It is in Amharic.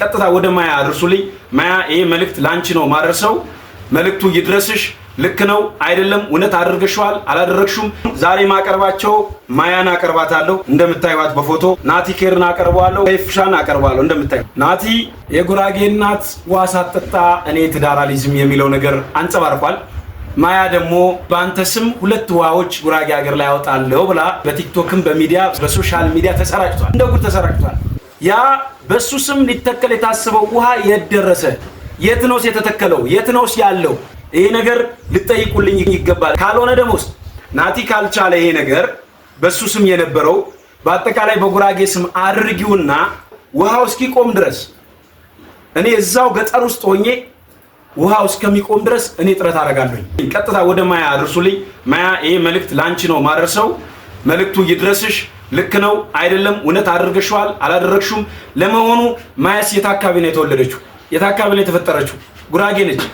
ቀጥታ ወደ ማያ አድርሱልኝ። ማያ ይሄ መልእክት ላንቺ ነው ማደርሰው። መልእክቱ ይድረስሽ። ልክ ነው አይደለም? እውነት አድርገሽዋል አላደረግሽም? ዛሬ ማቀርባቸው ማያን አቀርባታለሁ። እንደምታዩት በፎቶ ናቲ ኬርን አቀርበዋለሁ። ፍሻን አቀርባለሁ። እንደምታዩ ናቲ የጉራጌ እናት ዋሳ ሳትጠጣ እኔ ትዳራሊዝም የሚለው ነገር አንጸባርቋል። ማያ ደግሞ በአንተ ስም ሁለት ውሃዎች ጉራጌ ሀገር ላይ ያወጣለሁ ብላ በቲክቶክም በሚዲያ በሶሻል ሚዲያ ተሰራጭቷል። እንደ ጉድ ተሰራጭቷል። ያ በእሱ ስም ሊተከል የታሰበው ውሃ የት ደረሰ? የት ነውስ የተተከለው? የት ነውስ ያለው? ይሄ ነገር ልጠይቁልኝ ይገባል። ካልሆነ ደሞስ ናቲ ካልቻለ ይሄ ነገር በእሱ ስም የነበረው በአጠቃላይ በጉራጌ ስም አድርጊውና ውሃው እስኪቆም ድረስ እኔ እዛው ገጠር ውስጥ ሆኜ ውሃው እስከሚቆም ድረስ እኔ ጥረት አደርጋለሁ። ቀጥታ ወደ ማያ አድርሱልኝ። ማያ ይሄ መልእክት ላንቺ ነው ማድረሰው። መልእክቱ ይድረስሽ። ልክ ነው አይደለም፣ እውነት አድርገሽዋል አላደረግሽም። ለመሆኑ ማያስ የት አካባቢ ነው የተወለደችው? የት አካባቢ ነው የተፈጠረችው? ጉራጌ ነች።